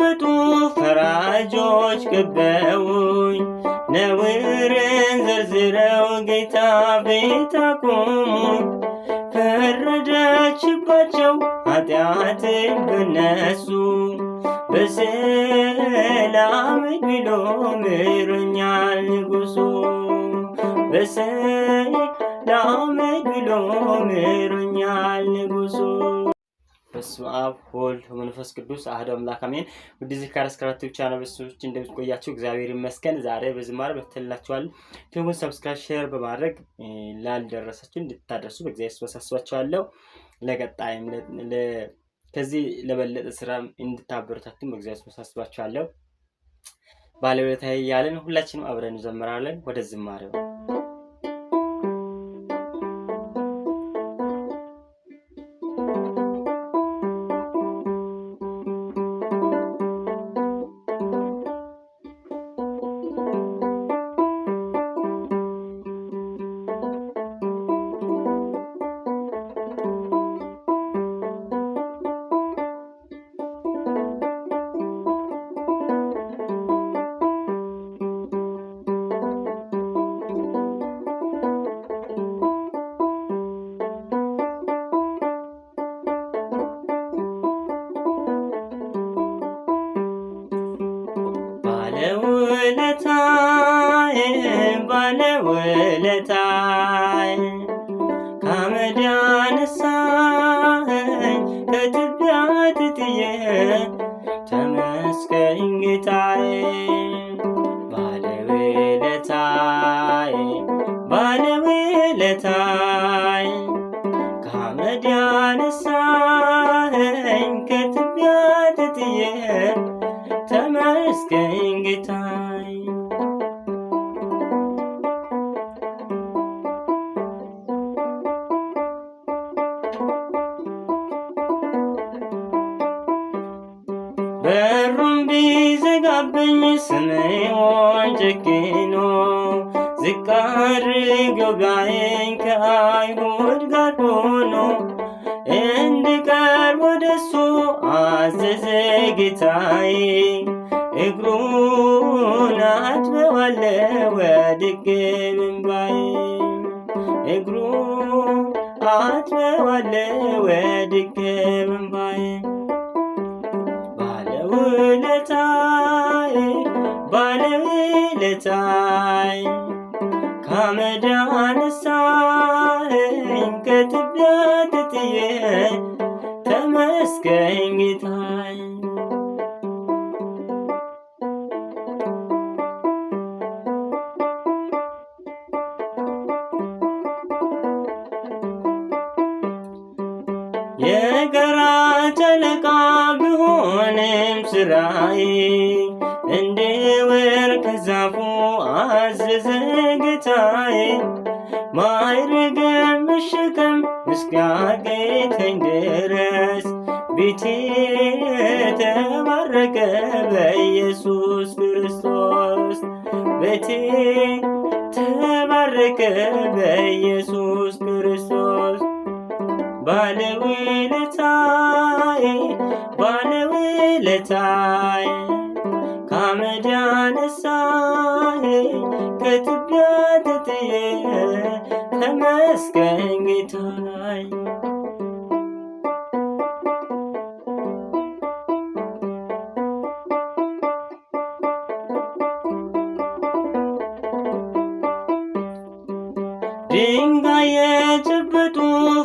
የሰንበቱ ፈራጆች ከበውኝ ነውርን ዘርዝረው ጌታ ፊት አቆሙኝ። ፈረደችባቸው ኃጢአትን በነሱ በሰላም ብሎ ምሮኛል ንጉሱ በሰላም ብሎ ምሮኛል ንጉሱ በስመ አብ ወልድ መንፈስ ቅዱስ አህዶ አምላክ አሜን። ውድ ዚካር ስክራቲቭ ቻናል ቤተሰቦች ቆያችሁ? እግዚአብሔር ይመስገን። ዛሬ በዝማሬ በተላችኋል። ቲዩቡን ሰብስክራይብ፣ ሼር በማድረግ ላልደረሳችሁ እንድታደርሱ በእግዚአብሔር ስበሳስባችኋለሁ። ለቀጣይም ከዚህ ለበለጠ ስራ እንድታበረታቱም በእግዚአብሔር ስበሳስባችኋለሁ። ባለቤታዬ እያለን ሁላችንም አብረን እንዘምራለን። ወደ ዝማሬው ኪዳነ ውለታይ ከአመድ አነሳኸኝ ከትቢያ ትጥዬ ተመስገን ጌታዬ ባለውለታይ ባለውለታይ ከአመድ አነሳኸኝ ከትቢያ ትጥዬ በሩን ቢዘጋብኝ ስምዖን ጨክኖ ዝቅ አድርገው ቢያየኝ ከአይሁድ ጋር ሆኖ እንድቀርብ ወደሱ አዘዘ ጌታዬ። እግሩን አጥበዋለሁ ወድቄ በእምባዬ እግሩን አጥበዋለሁ ወድቄ በእምባዬ ውለታይ ባለውለታይ ከአመድ አነሳኸኝ ከትቢያ ትትዬ ተመስገን ጌታይ። የገራ ጨለቃ ቢሆንም ስራዬ እንደ ወርቅ ዛፉ አዘዘ ጌታዬ ማዕረጌን መሸከም እስኪያቅተኝ ድረስ ቤቴ ተባረከ በኢየሱስ ክርስቶስ ቤቴ ተባረከ በኢየሱስ ክርስቶስ ባለውለታዬ ባለ ውለታይ ከአመድ አነሳኝ ከትቢያ ተጥዬ ከመስቀል ጌታይ ድንጋይ የጨበጡ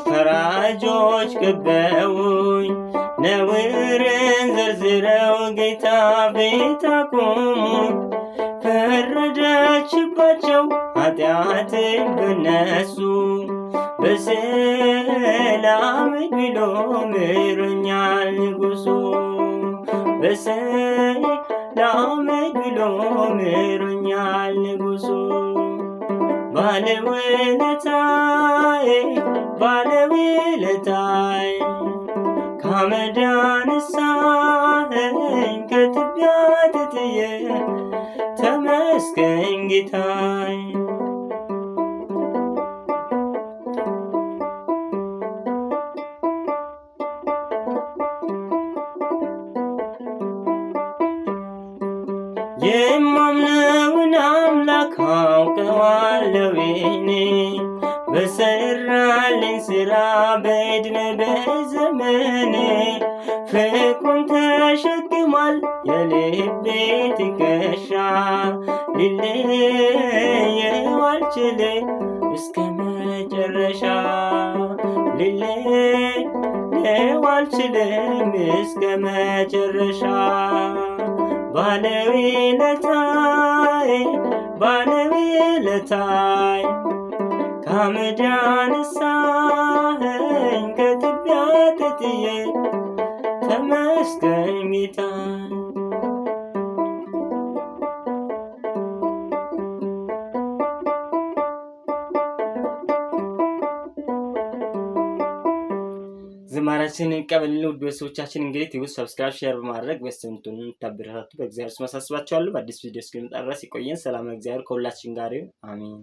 ፈራጆች ከበውኝ ነውርን ዘርዝረው ጌታ ፊት አቆሙት። ፈረደችባቸው ኃጢአትን በነሱ በሰላም ብሎ ምሮኛል ንጉሱ በሰላም ብሎ ምሮኛል ንጉሱ ባለውለታይ ባለውለታይ መሐመድ አነሳኸኝ ከትቢያ ትትዬ ተመስገን ጌታዬ። የማምነውን አምላክ አውቀዋለሁ እኔ በሰራልኝ ስራ በዕድሜ በዘመን ፍቅሩን ተሸክሟል የልቤ ትከሻ ልለየው አልችልም እስከ መጨረሻ ልለየው አልችልም እስከ መጨረሻ ባለውለታይ ባለውለታይ አመድ አነሳኸኝ ከትቢያ ተጥዬ ተመስገን ጌታ ዝማሪያችንን ቀበልን ውድ ቤተሰቦቻችን እንግዲህ ቲቪ ሰብስክራይብ ሼር በማድረግ በእግዚአብሔር በአዲስ ቪዲዮ ይቆየን። ሰላም እግዚአብሔር ከሁላችን ጋር አሜን።